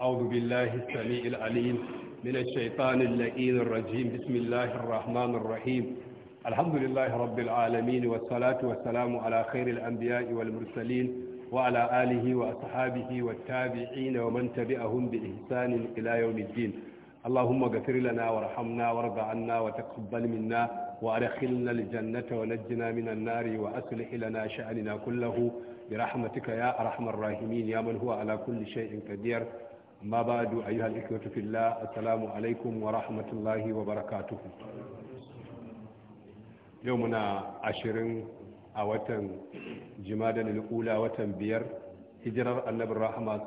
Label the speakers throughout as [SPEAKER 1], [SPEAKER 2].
[SPEAKER 1] أعوذ بالله السميع العليم من الشيطان اللئين الرجيم بسم الله الرحمن الرحيم الحمد لله رب العالمين والصلاة والسلام على خير الأنبياء والمرسلين وعلى آله وأصحابه والتابعين ومن تبعهم بإحسان إلى يوم الدين اللهم اغفر لنا وارحمنا وارض عنا وتقبل منا وادخلنا الجنة ونجنا من النار وأصلح لنا شأننا كله برحمتك يا أرحم الراحمين يا من هو على كل شيء قدير ما بعد أيها الإخوة في الله السلام عليكم ورحمة الله وبركاته يومنا عشرين أوتن جمادا الأولى وتن بير
[SPEAKER 2] hijirar annabin rahama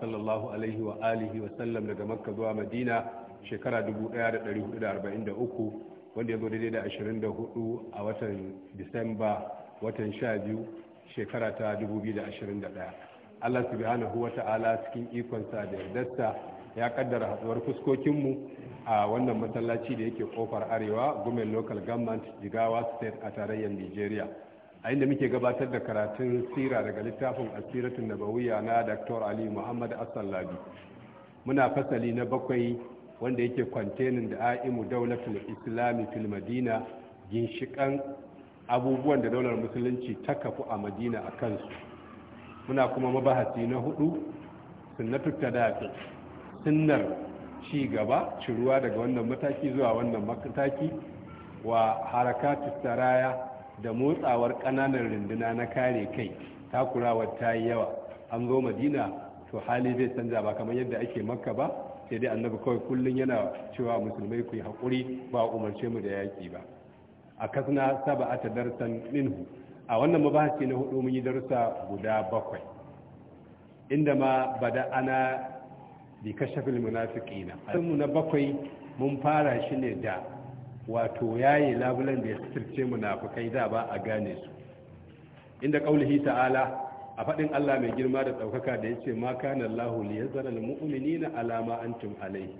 [SPEAKER 2] daga makka zuwa madina shekara
[SPEAKER 1] 1443 wanda ya zo daidai da 24 a watan disamba watan 12 shekara ta 2021 Allah subhanahu ta'ala cikin ikonsa da yardarsa ya kaddara haduwar fuskokinmu a wannan masallaci da yake kofar arewa gumen local government jigawa state a tarayyar nigeria a inda muke gabatar da karatun sira daga littafin asiratun nabawiya na dr ali muhammad assallabi
[SPEAKER 2] muna fasali na bakwai
[SPEAKER 1] wanda yake kwantenin da a'imu daulatul islami fil madina ginshikan abubuwan da daular musulunci ta kafu a madina a kansu muna kuma mabahasi na hudu sunnatu tadafi sunnar ci gaba ciruwa daga wannan mataki zuwa wannan mataki wa harakatu raya da motsawar kananan runduna na kare kai takurawa ta yi yawa an zo madina to hali zai canza ba kamar yadda ake makka ba sai dai annabi kawai kullum yana cewa musulmai ku yi haƙuri ba umarce mu da yaƙi ba a kasna saba a darsan minhu a wannan mabahasi na hudu mun yi darussa guda bakwai inda ma bada ana bi kashafil munafiqina mu na bakwai mun fara shi ne da wato yayi labulan da ya sirce munafikai da ba a gane su inda qaulihi ta'ala a faɗin Allah mai girma da tsaukaka da ya ce ma kana Allah li yazara almu'minina ala ma antum alayhi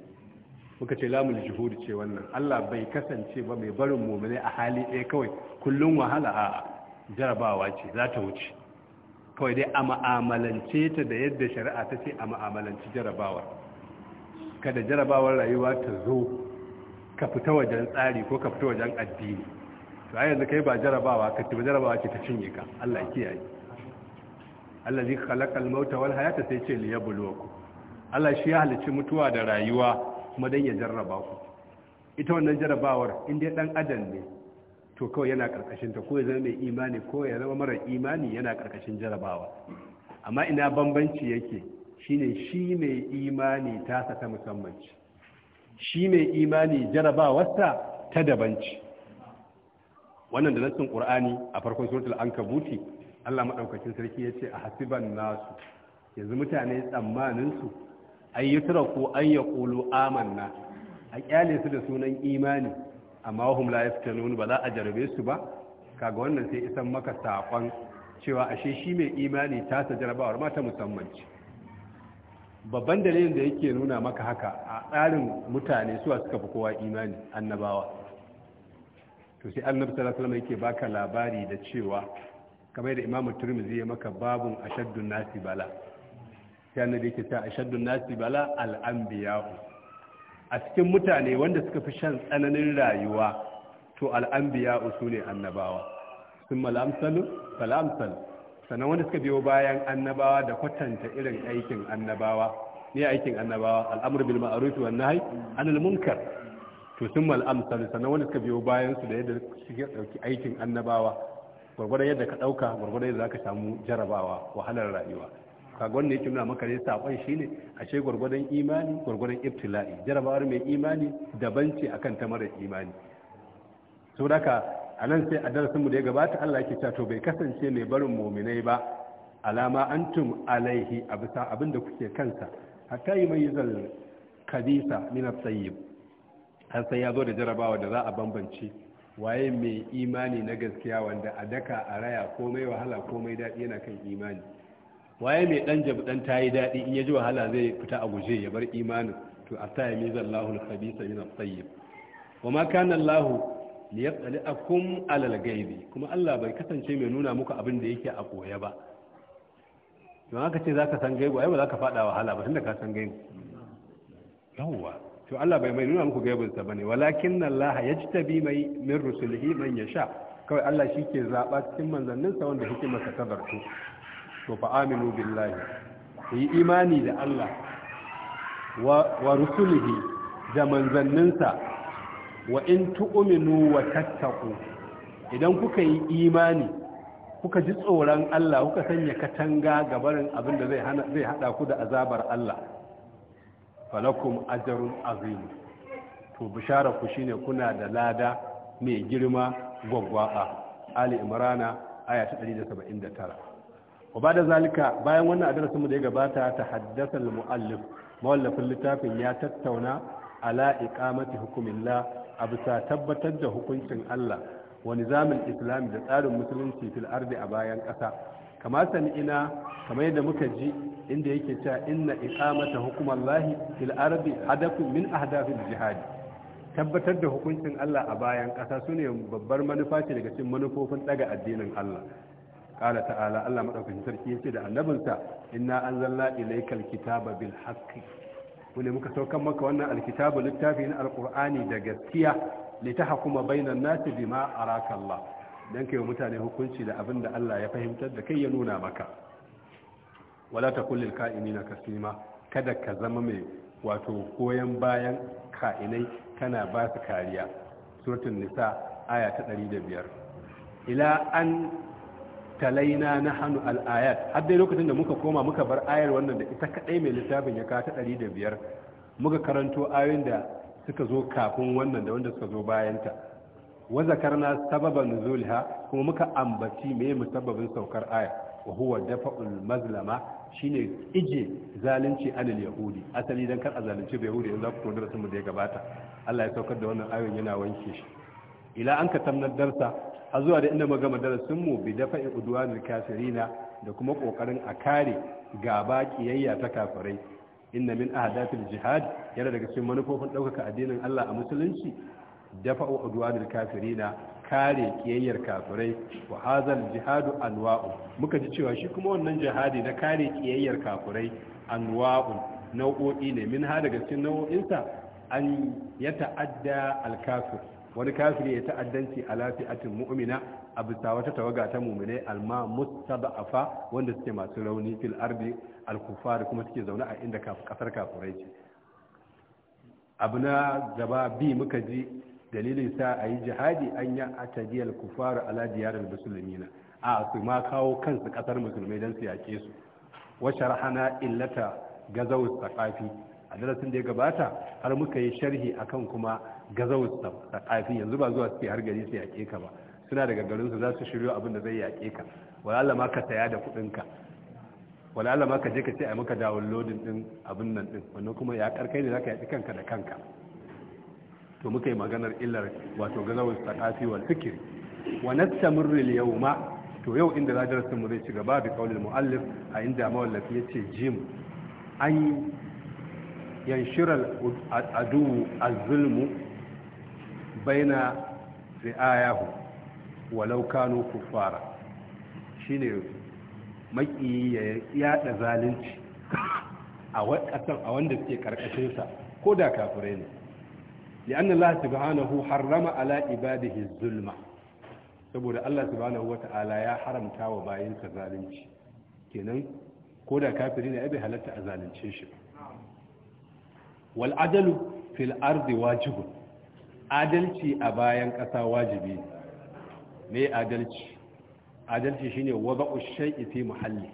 [SPEAKER 1] muka ce lamul juhud ce wannan Allah bai kasance ba mai barin mu'mini a hali ɗaya kawai kullun wahala a'a jarabawa ce za ta wuce kawai dai a ma'amalance ta da yadda shari'a ta ce a ma'amalanci jarabawar kada jarabawar rayuwa ta zo ka fita wajen tsari ko ka fita wajen addini to a yanzu kai ba jarabawa ka tuba jarabawa ce ta cinye ka Allah kiyaye Allah zai kalaka almauta wal hayata sai ce liyabluwakum Allah shi ya halicci mutuwa da rayuwa kuma dan ya jarraba ku ita wannan jarabawar in dai dan adam ne to kawai yana karkashin ta ko ya zama mai imani ko ya zama mara imani yana karkashin jarabawa amma ina bambanci yake shine shi mai imani tasa ta musammanci. shi mai imani jarabawarsa ta dabanci. wannan da nassin qur'ani a farkon suratul ankabuti Allah madaukakin sarki ya ce a hasiban nasu yanzu mutane tsammanin su ayyutra ko an yaqulu amanna a kyale su da sunan imani amma wahum la yaftanun ba za a jarabe su ba kaga wannan sai isan maka sakon cewa ashe shi mai imani ta ta jarabawar ma ta musamman ce babban dalilin da yake nuna maka haka a tsarin mutane suwa suka fi kowa imani annabawa to sai annabi sallallahu alaihi wasallam yake baka labari da cewa kamar da imamu turmizi ya maka babun ashaddun nasi bala sai annabi yake ta ashaddun nasi bala al-anbiya'u a cikin mutane wanda suka fi shan tsananin rayuwa to al'ambiya su ne annabawa sun malamsalu falamsal sannan wanda suka biyo bayan annabawa da kwatanta irin aikin annabawa ne aikin annabawa al'amur bil ma'ruf wan nahy anil munkar to sun malamsalu sannan wanda suka biyo bayan su da yadda suke dauki aikin annabawa gwargwadon yadda ka dauka gwargwadon yadda zaka samu jarabawa wahalar rayuwa kagon ne yake nuna maka ne sakon shine ashe gwargwadon imani gwargwadon ibtila'i jarabawar mai imani daban ce kan ta mara imani da ka a nan sai a darasinmu da ya gabata Allah yake to bai kasance mai barin muminai ba alama antum alaihi a bisa abin da kuke kansa hatta yi mai zal kadisa min at har sai ya zo da jarabawa da za a bambance waye mai imani na gaskiya wanda a daka a raya komai wahala komai daɗi yana kan imani waye mai dan jabu dan tayi dadi in ya ji wahala zai fita a guje ya bar imanin to asa ya miza Allahu al-khabisa min at-tayyib ma kana Allah liyaqli'akum ala al-ghaibi kuma Allah bai kasance mai nuna muku abin da yake a koya ba to haka ce zaka san gaibu ai ba zaka fada wahala ba tunda ka san gaibu yawwa to Allah bai mai nuna muku gaibun sa bane walakin Allah yajtabi mai min rusulihi man yasha kawai Allah shi ke zaba cikin sa wanda hikimarsa ta barto to fa aminu billahi ku yi imani da Allah wa rusulihi da manzanninsa wa in tu'minu wa tattaqu idan kuka yi imani kuka ji tsoron Allah kuka sanya katanga ga barin abin da zai hana zai hada ku da azabar Allah falakum ajrun azim to bishara ku shine kuna da lada mai girma gwaggwa ali imrana aya 179 wa ba da zalika bayan wannan mu da ya gabata ta haddasa mu'allif mawallafin littafin ya tattauna ala iqamati hukumillah a bisa tabbatar da hukuncin Allah wa nizamin islami da tsarin musulunci fil ardi a bayan ƙasa kama ina kamar yadda muka ji inda yake cewa inna iqamata hukumallahi fil ardi hadafun min ahdafil jihadi tabbatar da hukuncin Allah a bayan ƙasa sune babbar manufa ce daga cikin manufofin ɗaga addinin Allah qala ta'ala Allah madaukakin sarki yace da annabinsa inna anzalna ilaykal kitaba bil haqqi wanda muka saukan maka wannan alkitabu littafi na alqur'ani da gaskiya litahkuma bainan nasi bima araka Allah dan kai mutane hukunci da abinda Allah ya fahimtar da kai ya nuna maka wala takul lil Ka'imina kasima kada ka zama mai wato koyan bayan ka'inai kana ba su kariya suratul nisa aya ta 105 ila an talaina na hannu ayat har dai lokacin da muka koma muka bar ayar wannan da ita kadai mai littafin ya kawo ta biyar muka karanto ayoyin da suka zo kafin wannan da wanda suka zo bayanta wa zakarna sababan nuzulha kuma muka ambaci me musabbabin saukar aya wa huwa dafa'ul mazlama shine ije zalunci anil yahudi asali dan kar a zalunci yahudi yanzu ku to darasin mu da ya gabata Allah ya saukar da wannan ayoyin yana wanke shi ila an katamna darsa a zuwa da inda magama darasin mu bi dafa'i udwanil kafirina da kuma kokarin a kare gaba kiyayya ta kafirai inna min ahadatil jihad yana daga cikin manufofin daukaka addinin Allah a musulunci dafa'u udwanil kafirina kare kiyayyar kafirai wa hazal jihadu anwa'u muka ji cewa shi kuma wannan jihadi na kare kiyayyar kafirai anwa'u nau'o'i ne min ha daga cikin nau'o'insa an ya ta'adda alkafir wani kafiri ya ta'addanci a lafi'atin mu'mina a bisa wata tawaga ta mu'minai alma mustaba'afa wanda suke masu rauni fil ardi al kufar kuma suke zaune a inda kasar kafurai ce abu na gaba bi muka ji dalilin sa a yi jihadi an yi a tajiyar kufar ala diyarar musulmina a su ma kawo kansu kasar musulmai don su yake su wa sharhana illata gazawar tsakafi a darasin da ya gabata har muka yi sharhi akan kuma gazawus saqafi yanzu ba zuwa suke har gari su yaƙe ka ba suna daga garin su za su shiryo abin da zai yaƙe ka wala ma ka saya da kuɗin ka wala ma ka je ka ce a maka downloading din abin nan din wannan kuma ya karkai ne zaka yaƙi kanka da kanka to muka yi maganar illar wato gazawus saqafi wal fikri wa nastamirru al yawma to yau inda za darasin mu zai ci gaba bi qaulil muallif a inda mawallafi yace jim an yanshiral adu az-zulmu baina ri'ayahu walau kanu kuffara shine maki ya yada zalunci a wanda suke karkashin sa ko da kafirai ne li'anna Allah subhanahu harrama ala ibadihi zulma saboda Allah subhanahu wata'ala ya haramta wa bayinsa zalunci kenan ko da kafiri ne ai bai halatta a zalunce shi ba wal adalu fil ardi wajibun adalci a bayan ƙasa wajibi ne adalci adalci shine waba shay'i fi muhalli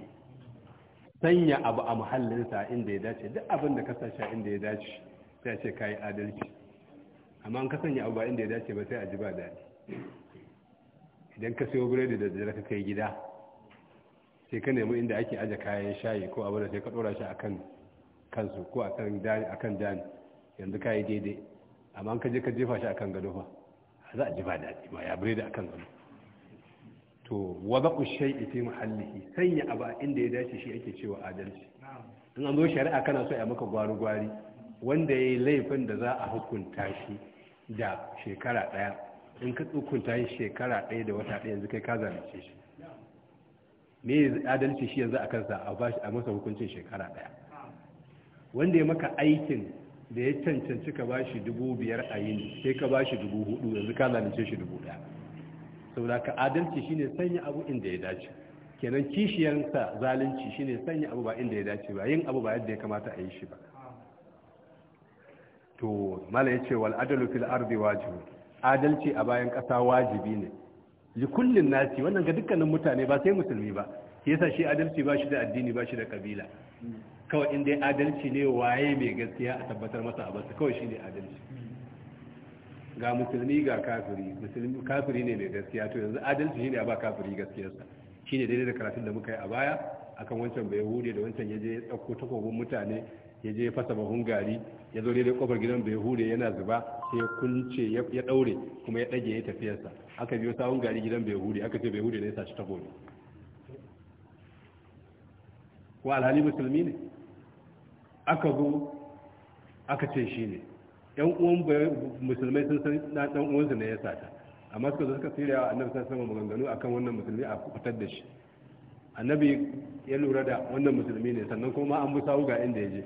[SPEAKER 1] sanya abu a muhallinsa inda ya dace duk abin da kasance inda ya dace sai ce kai adalci amma an ka sanya abu ba inda ya dace ba sai a ji ba daɗi idan ka sayo biredi da dare ka kai gida sai ka nemi inda ake aje kayan shayi ko abin da sai ka dora shi akan kansu ko a kan dani kan dani yanzu kai daidai amma an ka je ka jefa shi akan gado fa za a ji ba daɗi ma ya bure da akan gado to ku shay'i fi mahallihi sanya abu inda ya dace shi ake cewa adalci in an zo shari'a kana so ya maka gwari gwari wanda ya yi laifin da za a hukunta shi da shekara ɗaya in ka hukunta shi shekara ɗaya da wata ɗaya yanzu kai ka zalunce shi me adalci shi yanzu a kansa a masa hukuncin shekara ɗaya wanda ya maka aikin da ya cancanci ka ba shi dubu biyar a yini sai ka ba shi dubu hudu yanzu ka lalace shi dubu daya saboda ka adalci shine sanya abu inda ya dace kenan kishiyarsa zalunci shine sanya abu ba inda ya dace ba yin abu ba yadda ya kamata a yi shi ba to mala ce wal adalu fil ardi wajib adalci a bayan kasa wajibi ne li kullin nasi wannan ga dukkanin mutane ba sai musulmi ba yasa shi adalci ba shi da addini ba shi da kabila kawai inda ya adalci ne waye mai gaskiya a tabbatar masa a basu kawai shine adalci ga musulmi ga kafiri musulmi kafiri ne mai gaskiya to yanzu adalci shine a ba kafiri gaskiyarsa shine daidai da karatun da muka yi a baya akan wancan bai hude da wancan ya je ya tsakko takobin mutane ya je fasa bahun gari ya zo daidai kofar gidan bai hude yana zuba sai ya kunce ya daure kuma ya dage ya tafiyarsa aka biyo sawun gari gidan bai hude aka ce bai hude ne ya saci takobi ko alhali musulmi ne aka zo aka ce shi ne yan uwan musulmai sun san na dan uwansu ne ya sata amma suka zo suka tsira wa annabi sai alaihi maganganu akan wannan musulmi a fitar da shi annabi ya lura da wannan musulmi ne sannan kuma an bi sawu ga inda ya je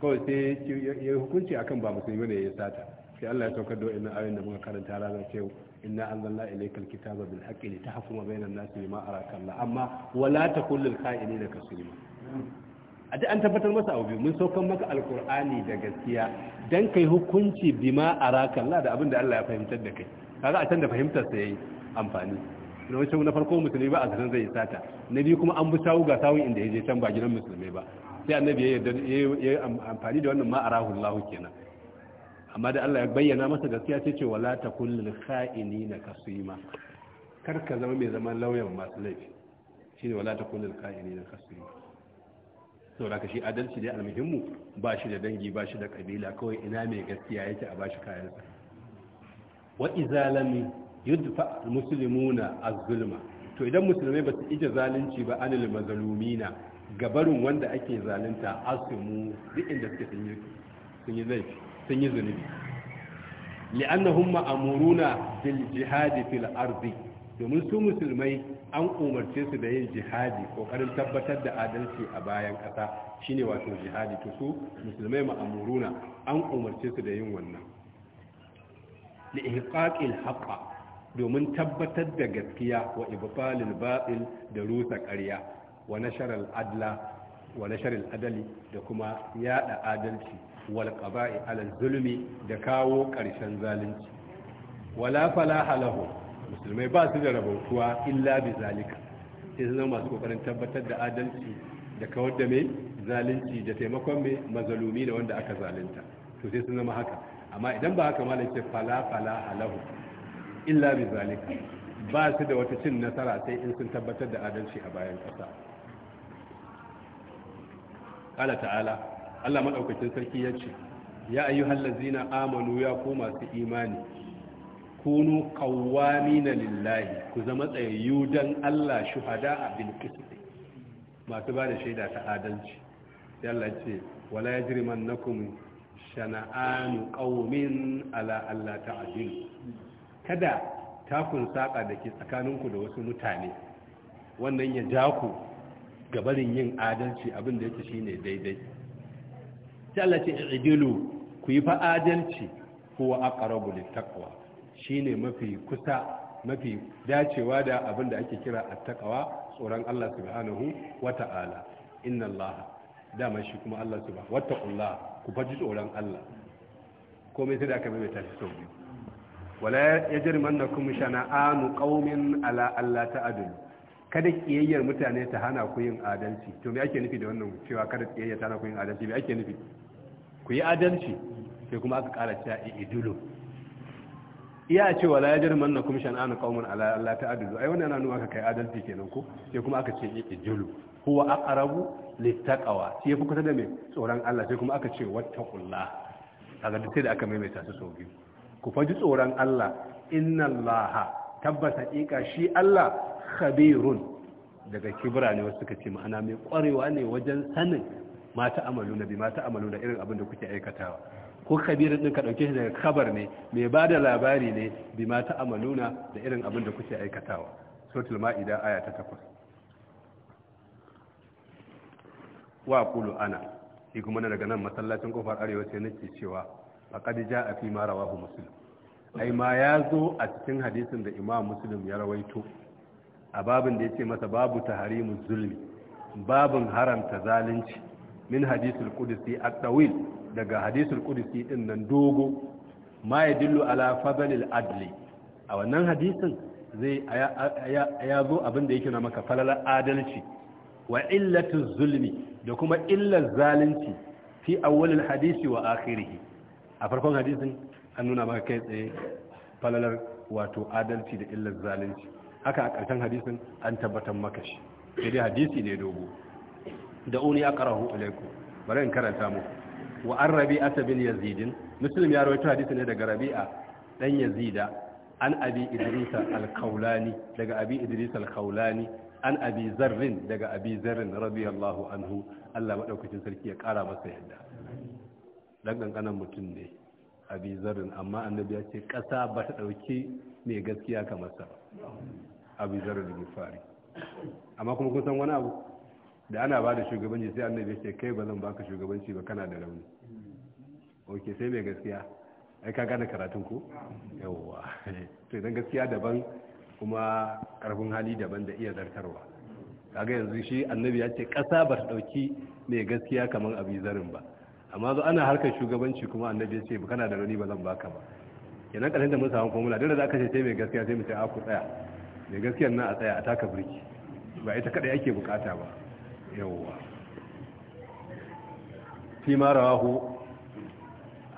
[SPEAKER 1] kawai sai ya hukunci akan ba musulmi ne ya sata sai Allah ya saukar da wannan ayoyin da muka karanta ranar cewa inna anzalna ilaykal kitaba bil haqqi litahkuma bainan nasi bima araka amma wala takul lil kha'inina kasulima a ji an tabbatar masa abu mun saukan maka alkur'ani da gaskiya ka kai hukunci bima araka la da abin da Allah ya fahimtar da kai kaga a can da fahimtar sa yayi amfani na wancan na farko musulmi ba a zaton zai sata na biyu kuma an bi sawu ga sawun inda ya je can ba gidan musulmi ba sai annabi ya yi amfani da wannan ma'ara hulahu kenan amma da Allah ya bayyana masa gaskiya sai ce wala kullum lil na kasima kar ka zama mai zaman lauyan masu laifi shine wala kullum lil na kasima saboda ka shi adalci dai almuhimmu ba shi da dangi ba shi da kabila kawai ina mai gaskiya yake a shi kayansa wa idza yudfa almuslimuna az-zulma to idan musulmai ba su ije zalunci ba anil mazlumina gabarun wanda ake zalunta asimu duk inda suke sun yi sun yi zai sun yi zunubi li'annahum ma'amuruna bil jihad fil ardi domin su musulmai an umarce su da yin jihadi kokarin tabbatar da adalci a bayan ƙasa shine wato jihadi to su musulmai ma'amuruna an umarce su da yin wannan li ihqaqil haqqa domin tabbatar da gaskiya wa ibtalil batil da rusa ƙarya wa nasharal adla wa adali da kuma yada adalci wal qaba'i zulmi da kawo ƙarshen zalunci wala falaha lahu musulmai ba su da rabautuwa illa bi zalika sai su zama masu kokarin tabbatar da adalci da kawar da mai zalunci da taimakon mai mazalumi da wanda aka zalunta to sai su zama haka amma idan ba haka malam ce fala fala halahu illa bi zalika ba su da wata cin nasara sai in sun tabbatar da adalci a bayan kasa qala ta'ala Allah madaukakin sarki yace ya ayyuhallazina amanu ya ku masu imani kunu qawwamina lillahi ku zama tsayayyu dan Allah shuhada a qist masu ba da shaida ta adalci yalla ce wala nakum shana'anu qaumin ala alla ta'dil kada takun saka ke tsakaninku da wasu mutane wannan ya ja ku barin yin adalci abin da yake shine daidai sai Allah ce idilu ku yi fa adalci huwa aqrabu taqwa shine mafi kusa mafi dacewa da abin da ake kira attaqwa tsoron Allah subhanahu wata'ala inna Allah dama shi kuma Allah subhanahu wattaqullah ku faji tsoron Allah komai sai da aka mai shi sau biyu wala yajrimannakum shana'anu qaumin ala ta ta'dilu kada kiyayyar mutane ta hana ku yin adalci to me ake nufi da wannan cewa kada kiyayyar ta hana ku yin adalci me ake nufi ku yi adalci sai kuma aka ƙara cewa idulu iya ce wala ya manna na kumshan ana kaumun ala Allah ta adilu ai wannan yana nuna aka kai adalci kenan ko sai kuma aka ce ijulu huwa aqrabu littaqwa sai fuka da me tsoron Allah sai kuma aka ce wattaqullah kaga duk sai da aka maimaita su sau biyu ku faji tsoron Allah inna Allah tabbata shi Allah khabirun daga kibra ne wasu suka ce ma'ana mai kwarewa ne wajen sanin mata amalu nabi mata amalu da irin abin da kuke aikatawa ko Kabiru din ka dauke shi daga kabar ne mai ba da labari ne bi ma ta amaluna da irin abin da kuke aikatawa suratul ma'ida aya ta 8 wa qulu ana shi kuma daga nan masallacin kofar arewa sai nake cewa faqad ja'a fi ma rawahu muslim ai ma ya zo a cikin hadisin da imam muslim ya rawaito a babin da ya ce masa babu taharimu zulmi babin haramta zalunci min hadisul qudsi at-tawil daga hadisul qudsi din nan dogo ma dillu ala fadalil adli a wannan hadisin zai ya zo abin da yake na maka falalar adalci wa illatu zulmi da kuma illar zalunci fi awwalil hadisi wa akhirih a farkon hadisin an nuna maka kai tsaye falalar wato adalci da illar zalunci haka a ƙarshen hadisin an tabbatar maka shi sai dai hadisi ne dogo da uni aqrahu ilaykum bari in karanta muku wa an rabi'ata bin yazidin muslim ya rawaito hadisi ne daga rabi'a dan yazida an abi idris al-kaulani daga abi idris al-kaulani an abi zarrin daga abi zarrin radiyallahu anhu Allah madaukakin sarki ya kara masa yadda dan kankanan mutum ne abi zarrin amma annabi ya ce kasa ba ta dauki ne gaskiya kamar sa abi zarrin gifari amma kuma kun san wani abu da ana ba da shugabanci sai annabi ce kai ba zan baka shugabanci ba kana da rauni ok sai mai gaskiya ai ka gane karatun ku yawwa to idan gaskiya daban kuma karfin hali daban da iya zartarwa kaga yanzu shi annabi ya ce kasa ba ta dauki mai gaskiya kamar abi zarin ba amma zo ana harkar shugabanci kuma annabi ya ce kana da rauni ba zan baka ba kenan karshen da mun samu formula dole za ka ce sai mai gaskiya sai mu ce a ku tsaya mai gaskiyar nan a tsaya a taka birki ba ita kadai ake bukata ba yawwa fi ma rawahu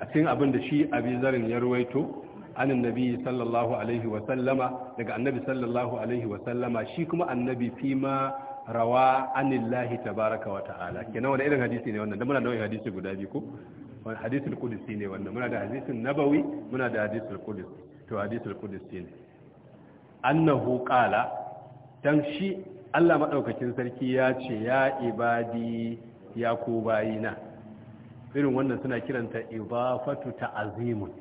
[SPEAKER 1] a cikin abin da shi abi zarin ya ruwaito an annabi sallallahu alaihi wa sallama daga annabi sallallahu alaihi wa sallama shi kuma annabi fi ma rawa anillahi tabaraka wa ta'ala kenan wani irin hadisi ne wannan da muna da wani hadisi guda biyu ko hadisul qudsi ne wannan muna da hadisin nabawi muna da hadisul qudsi to hadisul qudsi ne annahu qala dan shi Allah maɗaukakin sarki ya ce ya ibadi ya ko bayina irin wannan suna kiranta ibafatu azimun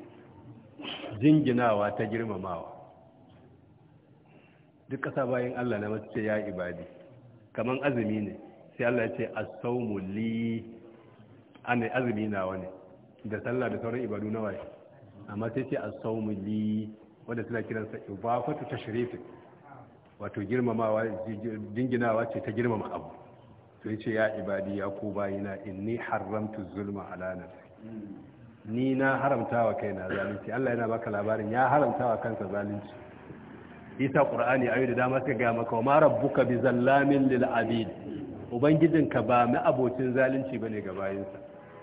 [SPEAKER 1] jinginawa ta girmamawa duk ƙasa bayan Allah na masu ce ya ibadi kamar azumi ne sai Allah ya ce a ana azumi na wani da sallah da sauran ibadu nawa amma sai ce a sawmu suna kiransa ibafatu ta shirifin wato girmamawa jinginawa ce ta girmama abu to ce ya ibadi ya ku bayina inni haramtu zulma ala nafsi ni na haramtawa kaina zalunci Allah yana baka labarin ya haramtawa kansa zalunci isa qur'ani ayu da dama suka ga maka ma rabbuka bi zallamin lil abid ubangijinka ba mu abocin zalunci bane ga bayinsa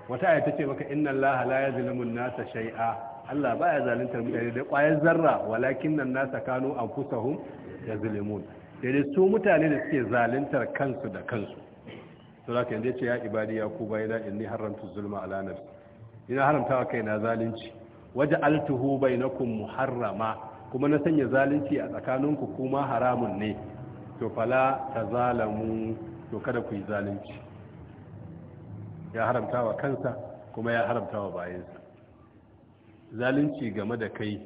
[SPEAKER 1] wata aya tace maka inna allaha la yazlimu an-nasa shay'a Allah baya zaluntar mutane da ƙwayar zarra walakin nan nasa kanu anfusahum yazlimun dai su mutane da suke zaluntar kansu da kansu to zaka yanzu ce ya ibadi ya ku da inni haramtu zulma ala nafsi ina haramta wa kaina zalunci waje altuhu bainakum muharrama kuma na sanya zalunci a tsakaninku kuma haramun ne to fala tazalamu to kada ku yi zalunci ya haramta wa kansa kuma ya haramta wa zalunci game da kai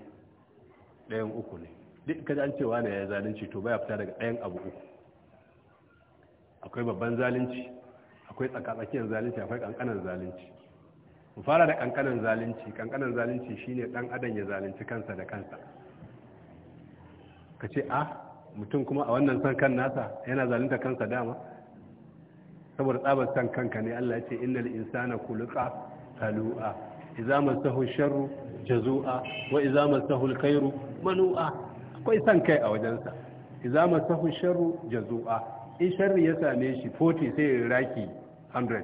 [SPEAKER 1] ɗayan uku ne duk ka an cewa ne ya zalunci to baya fita daga ɗayan abu uku akwai babban zalunci akwai tsakatsakiyar zalunci akwai kankanan zalunci mu fara da kankanan zalunci kankanan zalunci shine dan adam ya zalunci kansa da kansa ka ce a mutum kuma a wannan san kan nasa yana zalunta kansa dama saboda tsabar san kanka ne Allah ya ce innal insana kulqa talu'a idza masahu sharru jazu'a wa idza masahu alkhairu manu'a akwai san kai a wajensa idza masahu sharru jazua in sharri ya same shi 40 sai ya raki 100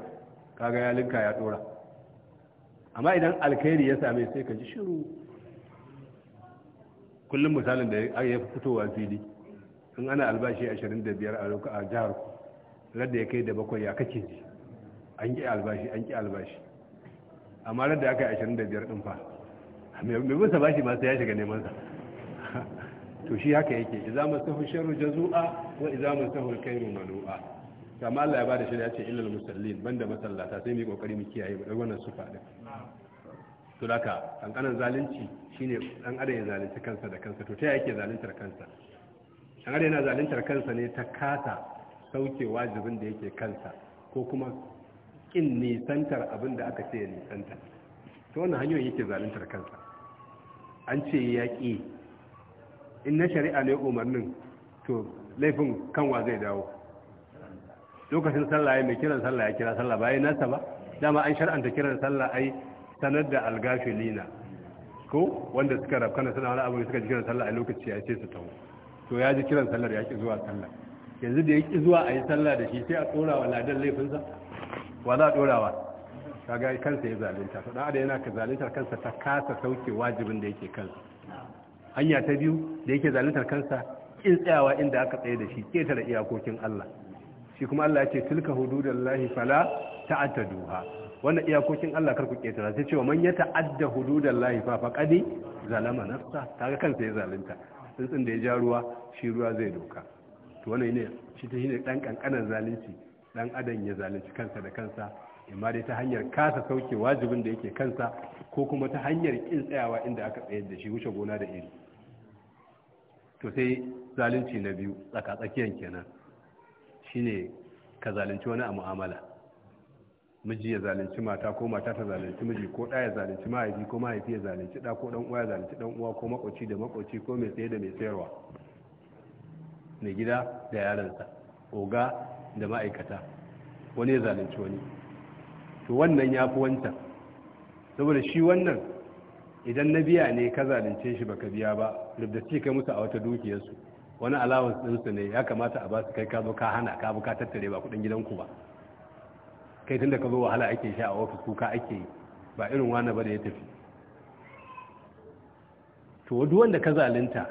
[SPEAKER 1] kaga ya linka ya dora amma idan alkhairi ya same sai ka ji shiru kullum misalin da ya fitowa fili in ana albashi 25 a lokacin a jihar radda ya kai da bakwai ya kake ji an ƙi albashi an ƙi albashi amma radda aka yi 25 ɗin fa mai bisa bashi masu ya shiga neman sa to shi haka yake idza masahu sharru jazua wa idza masahu alkhairu malua kama Allah ya bada shi ya ce illal musallin banda masallata sai mu kokari mu kiyaye mu dan wannan sufa din to laka kankanan zalunci shine dan adam ya zalunci kansa da kansa to ta yake zaluntar kansa dan adam yana zaluntar kansa ne ta kasa sauke wajibin da yake kansa ko kuma kin nisantar abin da aka ce ya nisanta to wannan hanyoyin yake zaluntar kansa an ce ya ƙi in na shari'a ne umarnin to laifin kanwa zai dawo lokacin sallah ya mai kiran sallah ya kira sallah bayan nasa ba dama an shar'anta kiran sallah ai sanar da algafilina ko wanda suka rafkana suna wani abu suka ji kiran sallah a lokaci ya ce su tawo to ya ji kiran sallar ya ki zuwa sallah yanzu da ya ki zuwa a yi sallah da shi sai a tsora wa ladan laifinsa wa za a tsora wa kaga kansa ya zalunta to dan adam yana ka zalunta kansa ta kasa sauke wajibin da yake kansa hanya ta biyu da yake zaluntar kansa kin tsayawa inda aka tsaye da shi ketare iyakokin Allah shi kuma Allah ya ce tilka hududallahi fala ta'taduha wannan iyakokin Allah kar karku ketara sai cewa man ya adda hududallahi fa faqadi zalama nafsa kaga kansa ya zalunta tsuntsun da ya ja ruwa shi ruwa zai doka to wannan ne shi ta shine dan kankanan zalunci dan adam ya zalunci kansa da kansa amma dai ta hanyar kasa sauke wajibin da yake kansa ko kuma ta hanyar kin tsayawa inda aka tsayar da shi wuce gona da iri to sai zalunci na biyu tsaka tsakiyan kenan shine ka zalunci wani a mu'amala miji ya zalunci mata ko mata ta zalunci miji ko ɗaya ya zalunci mahaifi ko mahaifi ya zalunci ɗa ko ɗan uwa ya zalunci ɗan uwa ko makwaci da makwaci ko mai tsaye da mai tsayarwa mai gida da yaransa oga da ma'aikata wani ya zalunci wani to wannan ya fi wancan saboda shi wannan idan na biya ne ka zalunce shi baka biya ba kai musu a wata dukiyarsu wani allowance ɗinsu ne ya kamata a ba su kai ka zo ka hana ka ka tattare ba kudin gidanku ba kai tun ka zo wahala ake sha a ofis kuka ake yi ba irin wani ba da ya tafi to duk wanda ka zalunta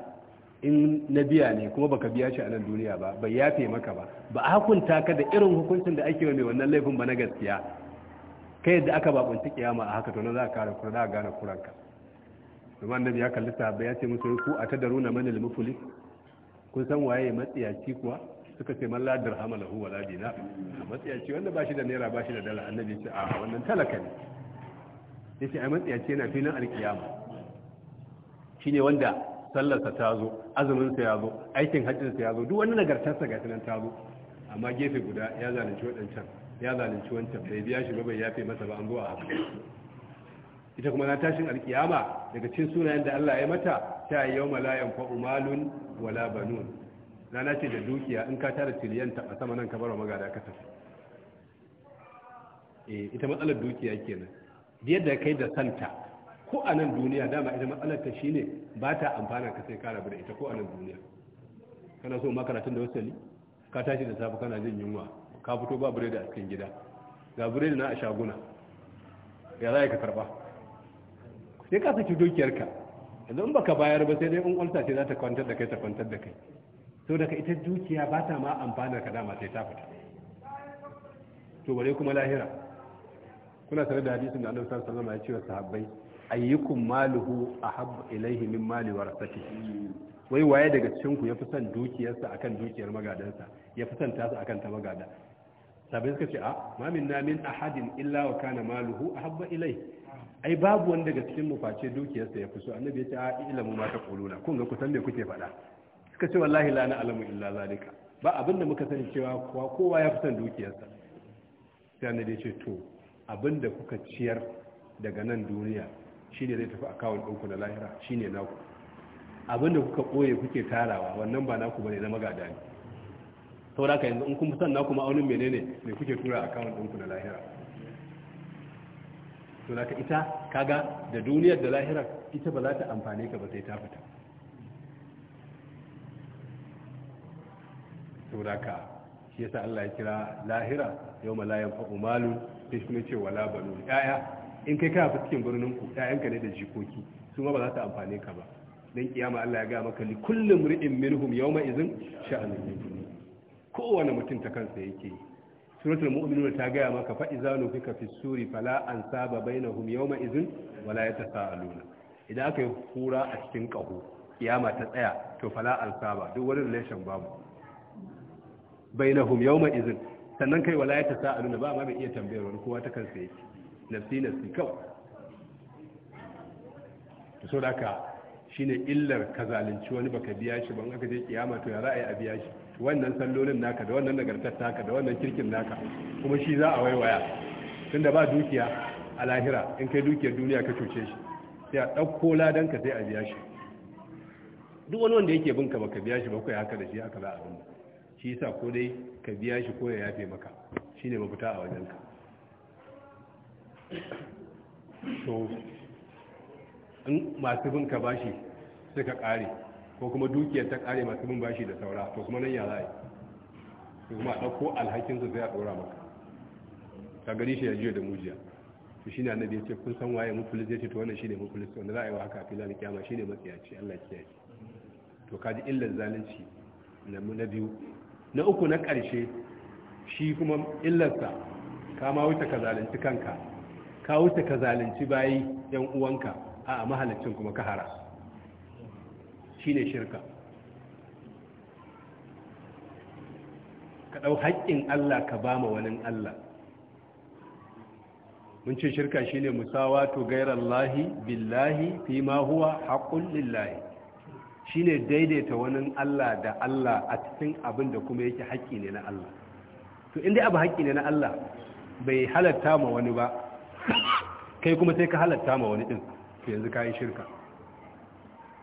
[SPEAKER 1] in na biya ne kuma baka biya shi a nan duniya ba bai yafe maka ba ba a hukunta ka da irin hukuncin da ake mai wannan laifin ba na gaskiya kai yadda aka bakunci kiyama a haka to na za ka kare kura za ka gane kuranka kuma annabi ya kalli sahabbai ya ce musu ku atadaruna man al-muflis kun san waye matsiyaci kuwa suka ce man la dirhama lahu wala dina matsiyaci wanda bashi da naira bashi da dala annabi ce a wannan talaka ne yace ai matsiyaci yana filin alkiyama shine wanda sallarsa ta zo azumin sa ya zo aikin hajjin sa ya zo duk wani nagartarsa ga tunan ta zo amma gefe guda ya zalunci wadancan ya zalunci wancan bai biya shi ba bai yafe masa ba an zo a haka
[SPEAKER 2] ita kuma na tashin alkiyama daga cin sunayen da Allah ya mata ta yau malayan fa'u malun
[SPEAKER 1] wala banun rana ce da dukiya in ka tara tiliyan ta a sama nan ka wa magada ka tafi eh, ita matsalar dukiya kenan biyar da kai da santa ko a nan duniya dama ita matsalar ta shine ba ta amfana ka sai kara bude ita ko a nan duniya kana so makaratun da wasali ka tashi da safe kana jin yunwa ka fito ba biredi da cikin gida ga da na a shaguna ya za ka karba sai ka saki dukiyarka yanzu in baka bayar ba sai dai in ulsa ce za ta kwantar da kai ta kwantar da kai sau daga ita dukiya ba ta ma amfanar ka dama sai ta fita to bare kuma lahira kuna tare da hadisin da annabi sallallahu alaihi wasallam ya ce wa sahabbai ayyukum maluhu ahabbu ilayhi min mali warasatihi wai waye daga cikin ku yafi son dukiyarsa akan dukiyar magadansa yafi son tasa akan ta magada sabai suka ce a ma minna na min ahadin illa wa kana maluhu ahabba ilayhi ai babu wanda daga cikin mu face dukiyarsa ya fi so annabi ya ce a ilmu ma ta kuluna kun ga kusan me kuke faɗa suka ce wallahi la na'lamu alamu illa zalika ba abinda muka sani cewa kowa ya fi son dukiyarsa sai annabi ya ce to abinda kuka ciyar daga nan duniya shine zai tafi akawun ɗinku na lahira shine naku abinda kuka ɓoye kuke tarawa wannan ba naku bane na magada ne saboda ka yanzu in kun fi son naku ma'aunin menene me kuke tura akawun ɗinku na lahira to ka ita kaga da duniyar da lahirar ita ba za ta amfane ka ba sai ta fita to da ka shi yasa Allah ya kira lahira yau malayan fa'u malu sai kuma ce wala balu yaya in kai ka fi cikin birnin ku yayanka ne da jikoki su ma ba za ta amfane ka ba dan kiyama Allah ya ga maka li kullum ri'in minhum yawma idhin sha'anun yuni kowane mutum ta kansa yake yi suratul mu'minun ta gaya maka fa iza nufika fi suri fala ansaba bainahum yawma idhin wala yatasaaluna idan aka yi hura a cikin kaho kiyama ta tsaya to fala ansaba duk wani relation babu bainahum yawma idhin sannan kai wala yatasaaluna ba ma bai iya tambayar wani kowa ta kansa yake nafsi nafsi kawai to so da ka shine illar ka zalunci wani baka biya shi ban aka je kiyama to ya ra'ayi a biya shi wannan sallolin naka da wannan nagartar taka da wannan kirkin naka kuma shi za a waiwaya Tun da ba dukiya a lahira in kai dukiyar duniya ka cuce shi sai a ɗauko ladan ka sai a biya shi duk wani wanda yake binka baka biya shi bakwai haka da shi haka za a bin shi yasa ko dai ka biya shi ko ya yafe maka shine mafita a wajen ka to in masu binka bashi suka kare ko kuma dukiyar ta kare masu bin bashi da saura to kuma nan ya za yi kuma a ɗauko alhakinsa zai a ɗora maka ta gari shi ya jiya da mujiya to na annabi ya ce kun san waye mufulis ya ce to wannan ne mufulis wanda za a yi wa haka filan shi ne matsiyaci Allah ya yi to kaji illar zalunci na na biyu na uku na ƙarshe shi kuma illarsa ka ma wuce ka zalunci kanka ka wuce ka zalunci bayi yan uwanka a mahalicin kuma ka hara shine shirka ka ɗau haƙƙin Allah ka ba wani Allah mun ce shirka shine to gairar lahi billahi fi ma huwa haƙƙun lillahi shine daidaita wani Allah da Allah a cikin abin da kuma yake haƙƙi ne na Allah to inda abu haƙƙi ne na Allah bai halatta ma wani ba kai kuma sai ka halatta ma wani ɗin yanzu ka yi shirka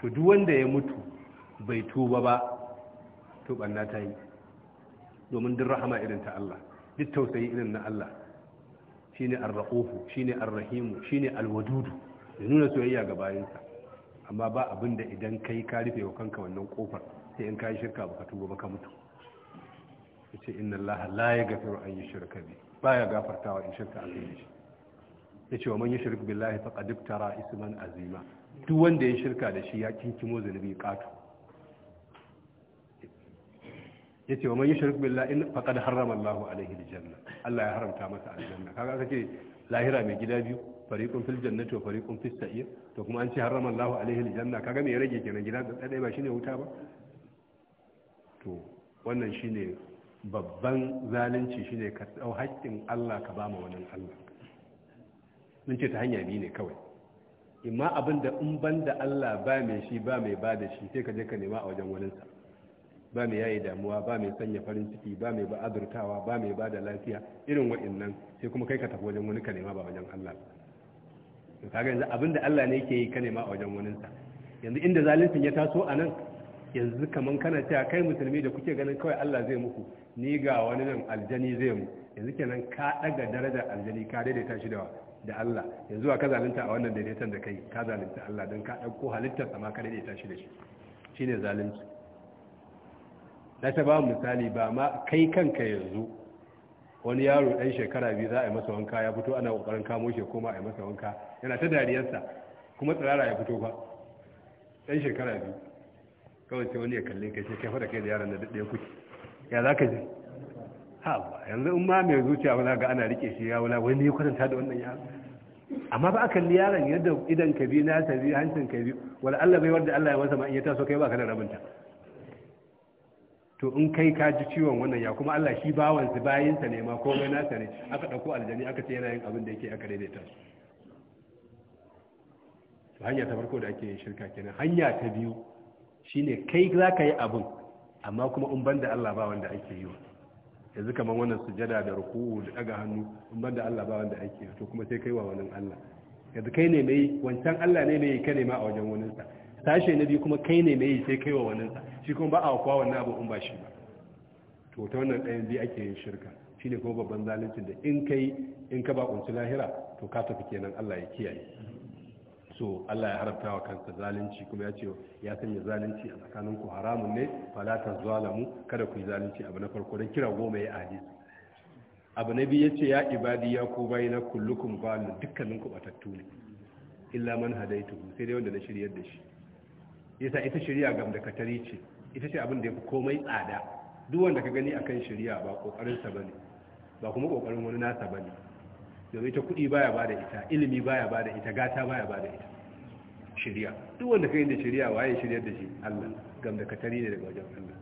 [SPEAKER 1] to duk wanda ya mutu bai tuba ba to banna ta yi domin duk rahama irin ta Allah duk tausayi irin na Allah shine ar-raqufu shine ar-rahimu shine al wadud ya nuna soyayya ga bayansa amma ba abinda idan kai ka rufe wa kanka wannan kofar sai in kai shirka baka tuba ka mutu yace inna Allah la yaghfiru an yushraka bi baya gafartawa in shirka aka shi yace wa man yushrik billahi faqad tara isman azima duk wanda ya shirka da shi ya kinkimo zunubi katu yace wa man yushrik billahi in faqad harrama Allah alaihi aljanna Allah ya haramta masa aljanna kaga aka ce lahira mai gida biyu fariqun fil jannati wa fariqun fis sa'ir to kuma an ce harrama Allah alaihi aljanna kaga me ya rage kenan gida da dai ba shine wuta ba to wannan shine babban zalunci shine ka dau haƙƙin Allah ka ba ma wannan Allah mun ce ta hanya biyu ne kawai imma abin da in ban da Allah ba mai shi ba mai ba da shi sai ka je ka nema a wajen waninsa ba mai yayi damuwa ba mai sanya farin ciki ba mai ba azurtawa ba mai ba da lafiya irin wa'annan sai kuma kai ka tafi wajen wani ka nema ba wajen Allah to kaga yanzu abin da Allah ne yake yi ka nema a wajen waninsa yanzu inda zalincin ya taso a nan yanzu kaman kana cewa kai musulmi da kuke ganin kawai Allah zai muku ni ga wani nan aljani zai mu yanzu kenan ka daga darajar aljani ka daidaita shi da da Allah yanzu ka zalunta a wannan daidaitan da kai ka zalunta Allah don ka ɗauko halittar sama ka daidaita shi da shi shine zalunci na ta ba misali ba ma kai kanka yanzu wani yaro ɗan shekara biyu za a yi masa wanka ya fito ana ƙoƙarin kamo shi koma a yi masa wanka yana ta dariyarsa kuma tsirara ya fito ba ɗan shekara biyu kawai sai wani ya kalle ka shi kai fa kai da yaran da daɗe kuke ya za ka ji ha yanzu in ma mai zuciya wala ga ana rike shi ya wala wani ya kwatanta da wannan yaro amma ba akan yaron yadda idan ka bi na ta bi hancin ka bi wala Allah bai wanda Allah ya masa ma in ya taso kai ba ka da rabinta to in kai ka ji ciwon wannan ya kuma Allah shi bawan su bayin sa ne ma komai na ne aka dauko aljani aka ce yana yin abin da yake aka daidaita su to hanya ta farko da ake yin shirka kenan hanya ta biyu shine kai zaka yi abin amma kuma in banda Allah ba wanda ake yi wa yanzu kamar wannan sujada da ruku da daga hannu in banda Allah ba wanda ake to kuma sai kai wa wannan Allah yanzu kai ne mai wancan Allah ne mai ka nema a wajen wannan sa sashe na biyu kuma kai ne mai sai kai wa wannan sa shi kuma ba a kwa wannan abu in ba shi ba to ta wannan ɗayan biyu ake yin shirka shine kuma babban zalunci da in kai in ka ba kunci lahira to ka tafi kenan Allah ya kiyaye so Allah ya haramta wa kansa zalunci kuma ya ce ya sanya zalunci a tsakanin ku haramun ne falata zalamu kada ku yi zalunci abu na farko dan kira goma ya aji. abu na biyu ce ya ibadi ya ku bayina kullukum zalim dukkanin ku batattu ne illa man hadaitu sai dai wanda na shiryar da shi yasa ita shiriya gam da katari ce ita ce abin da yafi komai tsada duk wanda ka gani akan shiriya ba kokarin sa bane ba kuma kokarin wani nasa bane domin ita kuɗi baya ba da ita ilimi baya ba da ita gata baya ba da ita shirya duk wanda ka yi da shirya waye shirya da shi Allah gam da katari ne daga wajen Allah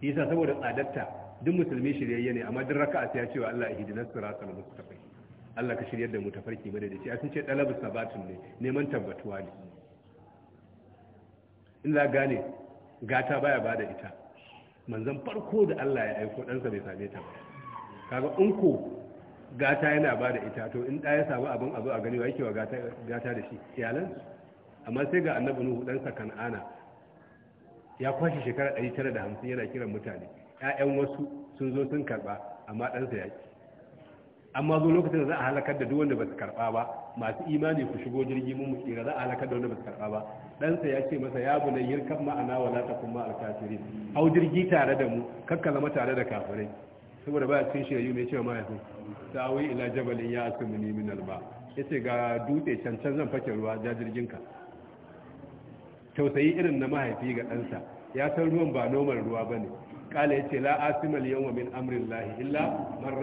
[SPEAKER 1] Isa saboda tsadarta duk musulmi shiryayye ne amma duk raka'a sai ya ce wa Allah ihdinas siratal mustaqim Allah ka shiryar da mu tafarki bane da shi a sun ce dalabu sabatun ne neman tabbatuwa ne in za gane gata baya ba da ita manzan farko da Allah ya aiko ɗansa bai same ta ba kaga in ko gata yana ba da ita to in ya samu abin abu a gani wa yake wa gata da shi iyalan amma sai ga annabi nuhu ɗansa kan'ana ya kwashe shekara 950 yana kiran mutane ƴaƴan wasu sun zo sun karɓa amma ɗansa ya amma zo lokacin da za a halakar da duk wanda ba su karɓa ba masu imani ku shigo jirgi mun mu tsira za a halakar da wanda ba su karɓa ba ɗansa ya ce masa ya bunai yirkan ma'ana wala ta kuma al-kafirin hau jirgi tare da mu kakka zama tare da kafirai saboda baya cikin shirayu mai cewa mahaifin sa'awi ila jabalin ya asimu ni min alba ce ga dutse can can zan fake ruwa ja ka. tausayi irin na mahaifi ga ɗansa ya san ruwan ba noman ruwa ba ne. ƙala ya ce la asimal wa min lahi illa man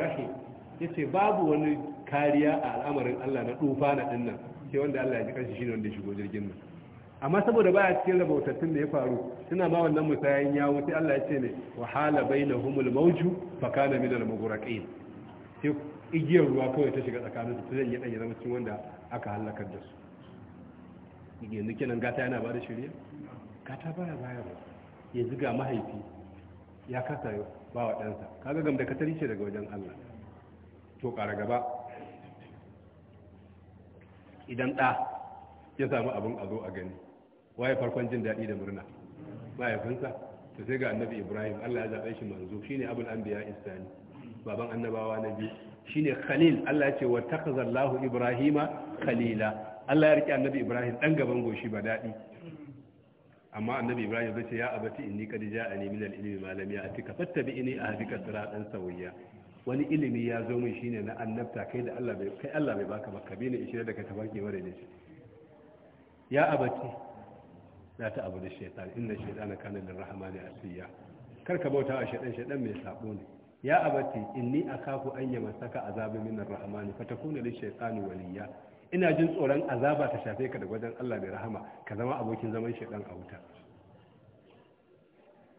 [SPEAKER 1] ya ce babu wani kariya a al'amarin Allah na tufa na dinnan sai wanda Allah ya ji shi ne wanda ya shigo jirgin nan amma saboda baya cikin rabautattun da ya faru suna ma wannan musayan ya wuce Allah ya ce ne wahala bainahumul mawju fa kana min al-mughraqin sai igiyar ruwa kawai ta shiga tsakanin su zai dan ya zama cikin wanda aka halakar da su yanzu kenan gata yana ba da shirya gata baya baya ba ya ga mahaifi ya kasa ba wa ɗansa kaga gam da katari ce daga wajen Allah to ƙara gaba idan ɗa ya samu abin a zo a gani waye farkon jin daɗi da murna mahaifinsa Ta sai ga annabi ibrahim allah ya zaɓe shi manzo shine abul anbiya istani baban annabawa na biyu shine khalil allah ya ce wa takazallahu ibrahima khalila allah ya rike annabi ibrahim dan gaban goshi ba daɗi amma annabi ibrahim zai ce ya abati inni qad ja'ani min al-ilmi ma lam ya'tika fattabi'ni ahdika siratan sawiyya wani ilimi ya zo min shine na annabta kai da Allah bai kai Allah bai baka ba kabila 20 daga tafarki wanda ne ya abati Na ta abu da la ta'budu na inna da rahama lirrahmani asiya kar ka bauta wa shaitan shaitan mai sabo ne ya abati inni akafu an yamasaka azabi min arrahmani fatakuna lishaytani waliya ina jin tsoron azaba ta shafe ka da gwajin Allah mai rahama ka zama abokin zaman shaitan a wuta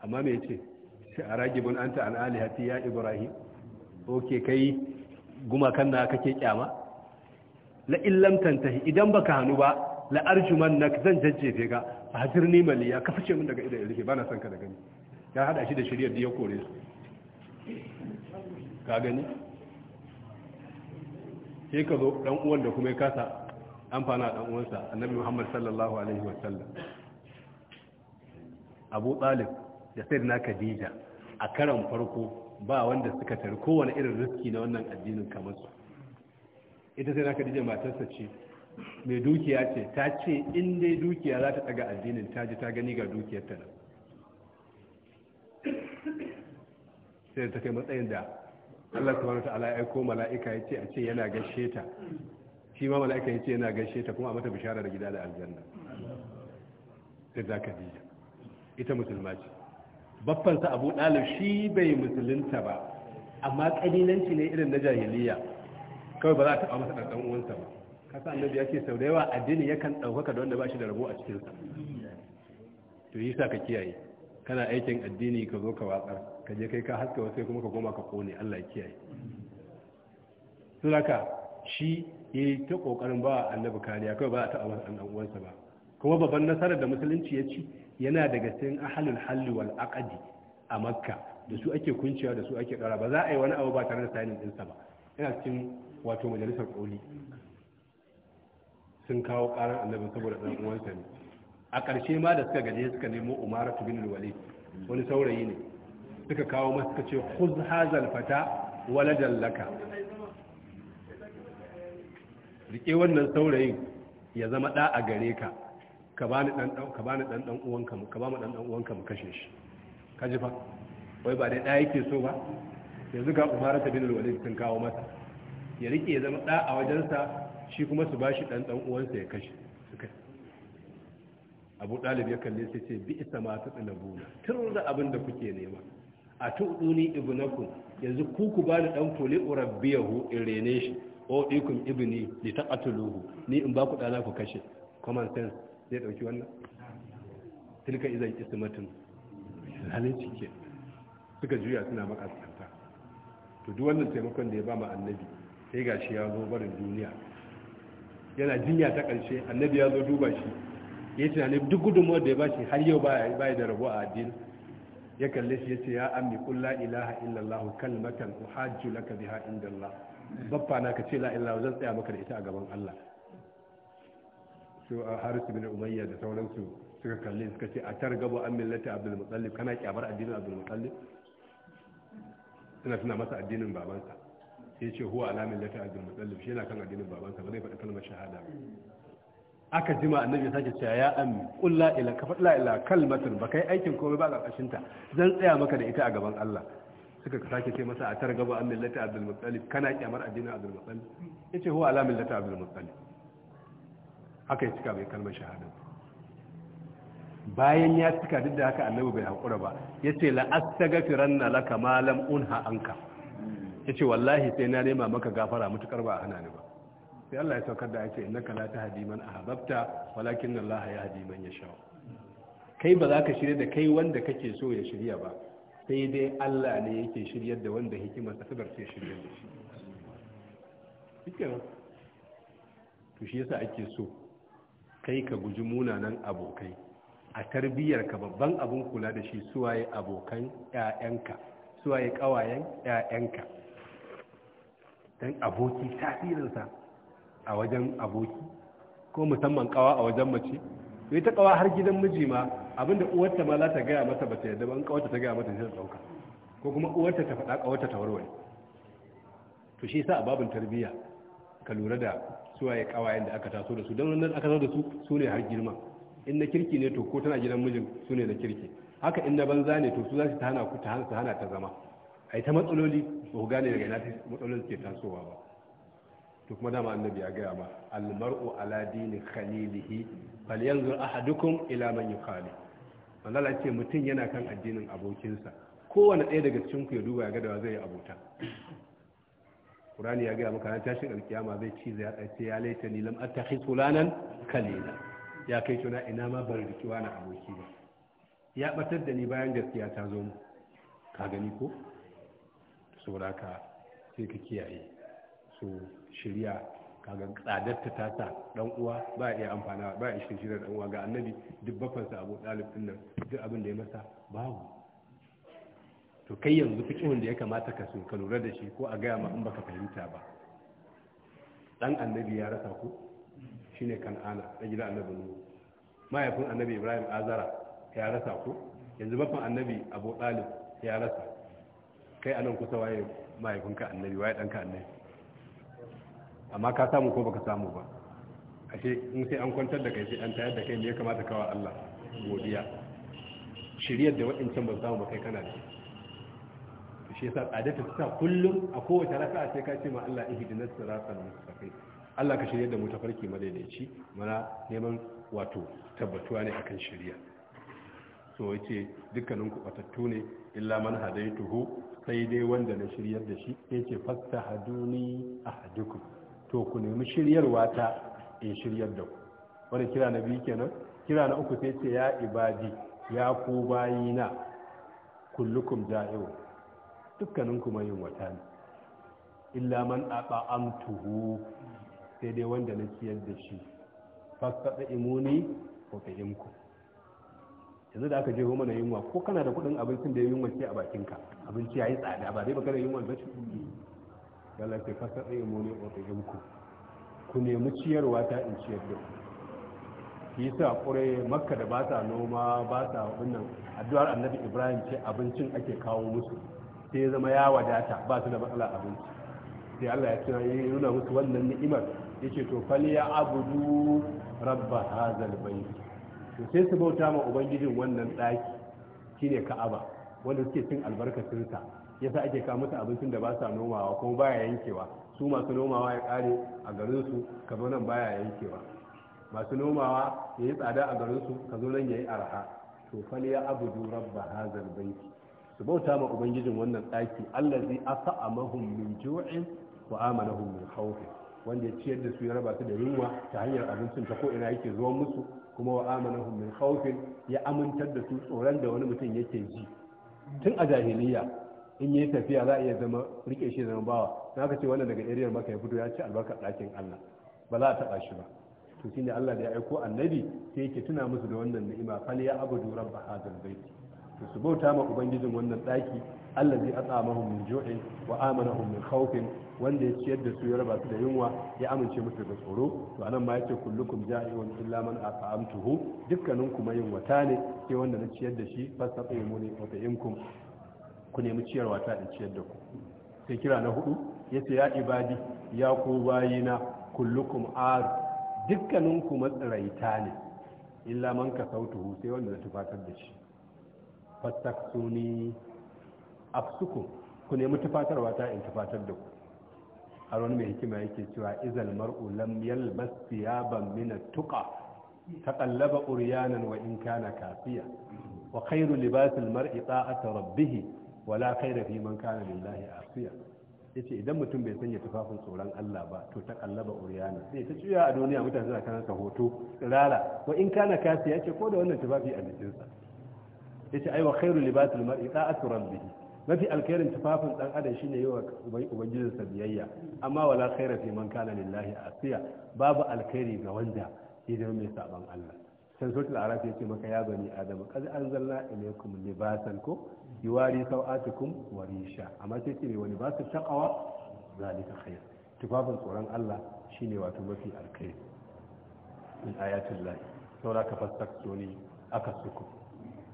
[SPEAKER 1] amma me yace sai aragibun anta an alihati ya ibrahim oke kai gumakan na kake kyama la illam tantahi idan baka hannu ba la na zan jajjefe ka a hajjir Mali ya kafa ce min daga idan ya rufe ba na son ka da gani ya hada shi da shirya da ya kore su ka gani sai ka zo dan uwan da kuma ya kasa amfana dan uwansa annabi muhammad sallallahu alaihi wasallam abu talib da sayyidina khadija a karan farko ba wanda suka tare kowane irin riski na wannan addinin kamar su ita sai na khadija matarsa ce mai dukiya ce ta ce in dai dukiya za ta daga addinin ta ji ta gani ga dukiyar ta sai ta kai matsayin da Allah subhanahu ta'ala ya aiko mala'ika ya ce a ce yana gaishe ta shi ma mala'ika ya ce yana gaishe ta kuma a mata bishara da gida da aljanna sai za ka ji ita musulma ce baffansa abu ɗalib shi bai musulunta ba amma ƙabilanci ne irin na jahiliya kawai ba za a taɓa masa ɗanɗan uwansa ba kasa annabi ya ce sau da yawa addini yakan ɗaukaka da wanda ba shi da rabo a cikinsa to yi sa ka kiyaye kana aikin addini ka zo ka watsar ka je kai ka haska wasu kuma ka goma ka kone Allah ya kiyaye sulaka shi yi ta kokarin ba annabi kariya kawai ba a taɓa wasu uwansa ba kuma babban nasarar da musulunci ya ci yana daga cikin ahalin halli wal aqdi a makka da su ake kunciya da su ake ɗara ba za a yi wani abu ba tare da sanin ɗinsa ba yana cikin wato majalisar koli sun kawo karan annabi saboda dan uwansa ne a ƙarshe ma da suka gaje suka nemo Umar bin walid wani saurayi ne suka kawo masa suka ce khuz hazal fata waladan laka rike wannan saurayin ya zama da a gare ka ka bani dan dan ka bani dan dan uwanka ka ba mu dan dan uwanka mu kashe shi ka ji fa wai ba dai da yake so ba yanzu ga Umar bin walid sun kawo masa ya rike ya zama da a wajensa shi kuma su bashi dan dan uwansa ya kashe suka Abu Dalib ya kalle sai ce bi isa ta tsalabuna tun da abin da kuke nema a tuduni Ibnaku, yanzu ku ku bani dan koli urabbiyahu in rene shi o ikum ibni li taqatuluhu ni in ba ku dana ku kashe common sense zai dauki wannan tilka izan ismatun zalunci ke suka juya suna maka makaskanta to duk wannan taimakon da ya ba mu annabi sai gashi ya zo barin duniya yana jinya ta ƙarshe annabi ya zo duba shi ya ce ne duk gudunmuwar da ya ba shi har yau ba ya da rabo a addini ya kalle shi ya ce ya ammi kulla ilaha illallah kalmatan uhajju laka biha inda Allah babba na ka ce la ilaha zan tsaya maka da ita a gaban Allah so a uh, harisu bin umayya da sauransu suka kalle suka ce a targabo an millata abdul mutallib kana kyabar addinin abdul mutallib ina tuna masa addinin babansa sai ce huwa alamin lati abdul mutallib shi yana kan addinin babansa ba zai faɗi kalmar shahada aka jima annabi sake cewa ya ammi qul la ilaha ka la ilaha kalmatun ba kai aikin komai ba karkashin ta zan tsaya maka da ita a gaban Allah suka sake ce masa a targaba an lati abdul muttalib kana kyamar addinin abdul ya yace huwa alamin lati abdul muttalib haka ya cika bai kalmar shahada bayan ya cika duk da haka annabi bai hakura ba yace la astaghfiranna laka ma lam unha anka ya ce wallahi sai na nema maka gafara mutukar ba a hana ni ba sai Allah ya saukar da ake kala ta tahdi man ahbabta walakin Allah yahdi man yasha kai ba za ka shirya da kai wanda kake so ya shirya ba sai dai Allah ne yake shiryar da wanda hikimar ta sabar sai shiryar da shi shikenan to shi yasa ake so kai ka guji munanan abokai a tarbiyyar ka babban abun kula da shi suwaye abokan ƴaƴanka suwaye ƙawayen ƴaƴanka dan aboki tasirinsa a wajen aboki ko musamman kawa a wajen mace sai ta kawa har gidan miji ma abinda uwarta ma za ta gaya mata ba ta yadda ba in kawarta ta gaya mata sai ta dauka ko kuma uwarta ta faɗa kawarta ta warware to shi yasa a babin tarbiyya ka lura da suwaye kawayen da aka taso da su don nan aka taso da su su ne har girma in na kirki ne to ko tana gidan mijin su ne na kirki haka in na banza ne to su za su ta hana ku ta hana ta zama a ta matsaloli ba ku gane daga nafi matsaloli ke tasowa ba to kuma dama annabi ya gaya ma almar'u ala dini khalilihi yanzu a ahadukum ila man yukhali manzala ce mutum yana kan addinin abokinsa kowane ɗaya daga cikin ku ya duba ya ga da zai yi abota Qur'ani ya gaya maka ta tashin alkiyama zai ci zai hada ce ya laita ni lam attakhis fulanan kalila ya kai tuna ina ma ban rikiwa na aboki ba ya batar da ni bayan gaskiya ta zo mu ka gani ko sauraka sai ka kiyaye so shirya kaga tsadarta ta sa dan uwa ba iya amfana ba ya shirin shirin dan uwa ga annabi duk bafansa abu dalib din nan duk abin da ya masa babu to kai yanzu fikihun da ya kamata ka so ka lura da shi ko a gaya ma in baka fahimta ba dan annabi ya rasa ku shine kan'ana da gidan annabi nuhu mahaifin annabi ibrahim azara ya rasa ku yanzu baban annabi abu dalib ya rasa kai anan kusa waye mahaifinka annabi waye ɗanka annabi amma ka samu ko baka samu ba ashe in sai an kwantar da kai sai an tayar da kai ne ya kamata kawa Allah godiya shiryar da waɗancan ba samu ba kai kana da shi yasa tsada ta sa kullum a kowace raka'a sai ka ce ma Allah ihdinas siratal mustaqim Allah ka shirya da mu tafarki madaidaici mana neman wato tabbatuwa ne akan shari'a so ce dukkanin ku batattu ne illa man hadaituhu sai dai wanda na shiryar da shi fasta haduni a ahadukum to ku nemi shiryarwa ta in shiryar da ku wani kira na biyu kenan kira na uku sai ce ya ibadi ya ku bayina kullukum da'iwa dukkanin kuma yin wata ne illa man ata'amtuhu sai dai wanda na ciyar da shi fasta imuni ko fahimku yanzu da aka je mana yunwa ko kana da kudin abincin da ya yunwa ce a bakinka abinci ya yi tsada ba zai baka da yunwa ba ce ya lafi fasa tsaye mu ne ku ku nemi ciyarwa ta in ciyar da ku yi sa kure makka da ba sa noma ba sa wannan addu'ar annabi ibrahim ce abincin ake kawo musu sai ya zama ya wadata ba su da matsala abinci sai allah ya tuna ya nuna musu wannan ni'imar Ya ce to fal ya abudu rabba hazal to sai su bauta ma ubangijin wannan daki shine ka'aba wanda suke cin sa yasa ake kawo musu abincin da ba sa nomawa kuma baya yankewa su masu nomawa ya kare a garin su ka zo nan baya yankewa masu nomawa ya yi tsada a garin su ka zo nan ya arha to fal ya abudu rabba hadha albayt su bauta ma ubangijin wannan ɗaki allazi as'amahum min ju'in wa amanahum min khawf wanda ya ciyar da su ya raba su da yunwa ta hanyar abincin ta ko ina yake zuwa musu kuma wa amanahum min khawfin ya amintar da su tsoron da wani mutum yake ji tun a jahiliya in yi tafiya za a iya zama rike shi zama bawa na ka ce wannan daga iriyar maka ya fito ya ci albarkar ɗakin Allah ba za a taɓa shi ba to shine Allah da ya aiko annabi sai yake tuna musu da wannan ni'ima fal ya abudu rabb hadal to su bauta ma ubangijin wannan daki Allah atsa at'amahum min ju'in wa amanahum min khawfin wanda ya ciyar da su ya raba su da yunwa ya amince musu da tsoro to anan ma yake kullukum ja'iun illa man aqamtuhu dukkanin kuma wata ne sai wanda na ciyar da shi fastatimuni wa ta'imkum ku nemi ciyarwa ta da ciyar da ku sai kira na hudu yace ya ibadi ya ku bayina kullukum ar dukkanin ku matsiraita ne illa man kasautuhu sai wanda na tufatar da shi fastaksuni afsuku ku nemi tufatarwa ta in tufatar da ku har wani mai hikima yake cewa izal mar'u lam yalbas thiyaban min at-tuqa taqallaba uryanan wa in kana kafiya wa khairu libasil mar'i ta'ata rabbih wa la khayra fi man kana lillahi afiya yace idan mutum bai sanya tufafin tsoron Allah ba to taqallaba uryanan sai ta ciya a duniya mutane suna kan hoto tsirara wa in kana kafiya yace ko da wannan tufafi a jikinsa yace ai wa khairu libasil mar'i da'atu rabbih mafi alkhairin tufafin dan adam shine wa ubangijin sa biyayya amma wala khaira fi man kana lillahi asiya babu alkhairi ga wanda idan mai saban Allah sai suratul araf yace maka ya bani adam qad anzalna ilaykum libasan ko yuwari sawatukum wa risha amma sai ce wa libasu taqwa zalika khair tufafin tsoron Allah shine wato mafi alkhairi min ayatul saura ka fassakto ni aka suku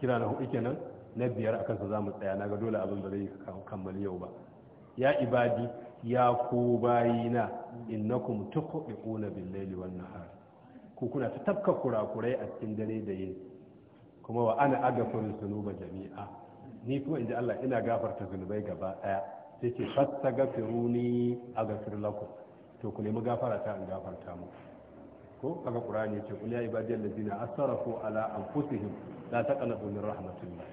[SPEAKER 1] kira na hudu kenan na biyar akan sa mu tsaya Na ga dole abin ba zai kammala yau ba ya ibadi ya ku bayina innakum tuqbiquna bil layli wan nahar ku kuna ta tafka kurakurai a cikin dare da yini kuma wa ana agafarin zunuba jami'a ni kuma inji Allah ina gafarta zunubai gaba daya sai ce fastaghfiruni aghfir lakum to ku nemi gafara ta in gafarta muku ko kaga qur'ani yace kul ya ibadiyal ladina asrafu ala anfusihim la taqnatu min rahmatillah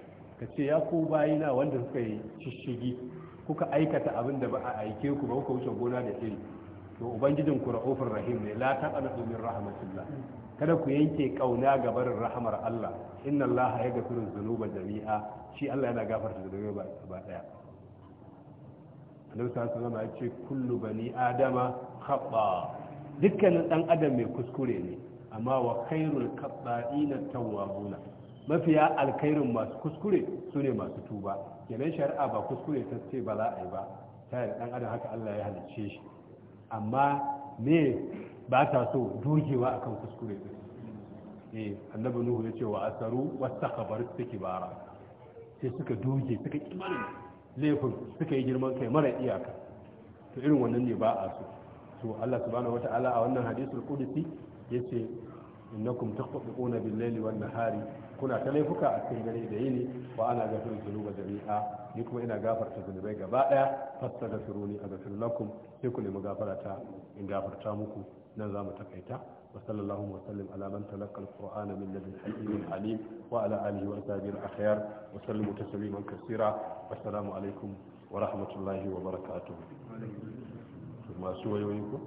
[SPEAKER 1] kace ya ku bayina wanda suka yi shishigi kuka aikata abin da ba a aike ku ba kuka wuce gona da iri to ubangijin ku ra'ufur rahim ne la taqnatu min rahmatillah kada ku yanke kauna ga barin rahamar Allah inna Allah ya gafiru dhunuba jami'a shi Allah yana gafarta da dhunuba ba daya annabi sallallahu alaihi wasallam ya kullu bani adama khata dukkanin ɗan adam mai kuskure ne amma wa na kabba'ina tawwabuna mafiya alkairun masu kuskure su ne masu tuba kenan shari'a ba kuskure ta ce ba za a yi ba ta yi dan adam haka Allah ya halicce shi amma me ba ta so dogewa akan kuskure din eh annabi nuhu ya ce wa asaru wastakbaru bara sai suka doge suka kimanin laifin suka yi girman kai mara iyaka to irin wannan ne ba a so to Allah subhanahu wata'ala a wannan hadisul qudsi yace innakum taqtuquna bil layli wan nahari kuna ta laifuka a cikin dare da yini wa ana gafiru zunuba jami'a ni kuma ina gafarta zunubai gaba daya fassara suruni a gafir lakum sai ku nemi gafarata in gafarta muku nan zamu takaita wa sallallahu wa sallim ala man talaqa alqur'ana min ladin hakimin alim wa ala alihi wa sahbihi al-akhyar wa sallimu tasliman kaseera assalamu alaikum wa rahmatullahi wa barakatuh masu wayoyi ko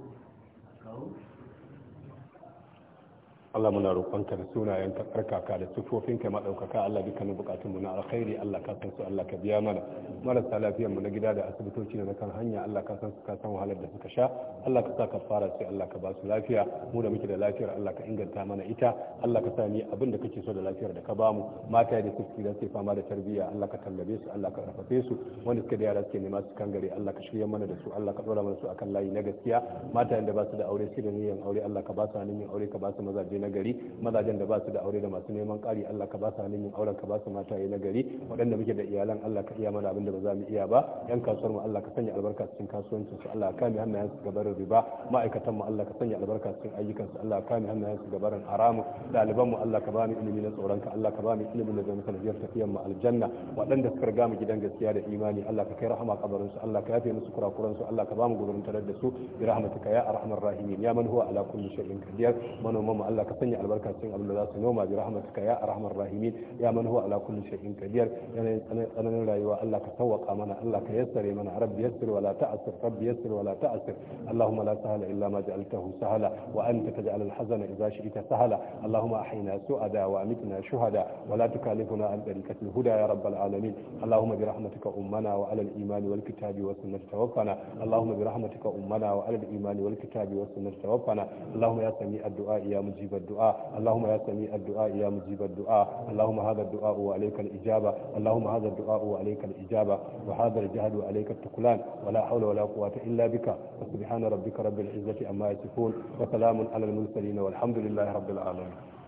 [SPEAKER 1] Allah muna roƙonka da sunayen ka tsarkaka da sufofin ka madaukaka Allah dukkanin mu na alkhairi Allah ka san su Allah ka biya mana marasa lafiyar mu na gida da asibitoci da na kan hanya Allah ka san su ka san wahalar da suka sha Allah ka sa ka fara sai Allah ka ba su lafiya mu da muke da lafiyar Allah ka inganta mana ita Allah ka sa ni abin da kake so da lafiyar da ka ba mu mata da suke da suke fama da tarbiyya Allah ka tallabe su Allah ka rafafe su suke da yara suke nema su kangare Allah ka shirya mana da su Allah ka dora mana su akan layi na gaskiya mata da ba su da aure su da niyyar aure Allah ka ba su hannun aure ka ba su mazaje na gari mazajen da ba su da aure da masu neman ƙari Allah ka ba su halin yin auren ka ba su mataye na gari waɗanda muke da iyalan Allah ka iya mana abin da ba za mu iya ba yan kasuwar mu Allah ka sanya albarka cikin kasuwancin su Allah ka kame hannayen su gabarin riba ma'aikatan mu Allah ka sanya albarka cikin ayyukan su Allah ka kame hannayen su gabarin haramu ɗaliban mu Allah ka ba mu ilimi na tsoron ka Allah ka ba mu ilimin da zai mu sanadiyar tafiyan mu aljanna waɗanda suka riga mu gidan gaskiya da imani Allah ka kai rahama kabarin su Allah ka yafe musu kurakuran su Allah ka ba mu gudurin tarar da su bi rahmatika ya arhamar rahimin ya man huwa ala kulli shay'in qadir manoman mu Allah ka sanya albarka cikin abin da za su noma bi rahmatuka ya arhamar rahimin ya man huwa ala kulli shay'in qadir yana tsananin rayuwa Allah ka tawaka mana Allah ka yassare mana rabbi yassir wala ta'sir rabbi yassir wala ta'sir allahumma la sahala illa ma ja'altahu sahala wa anta taj'al al hazana idha shi'ta sahala allahumma ahina su'ada wa amitna shuhada wala tukalifuna an tariqat al huda ya rabbal alamin اللهم برحمتك أمنا وعلى الإيمان والكتاب والسنة توفنا اللهم برحمتك أمنا وعلى الإيمان والكتاب والسنة توفنا اللهم يا سميع الدعاء يا مجيب الدعاء اللهم يا سميع الدعاء يا مجيب الدعاء اللهم هذا الدعاء وعليك الإجابة اللهم هذا الدعاء وعليك الإجابة وهذا الجهد وعليك التكلان ولا حول ولا قوة إلا بك وسبحان ربك رب العزة أما يصفون وسلام على المرسلين والحمد لله رب العالمين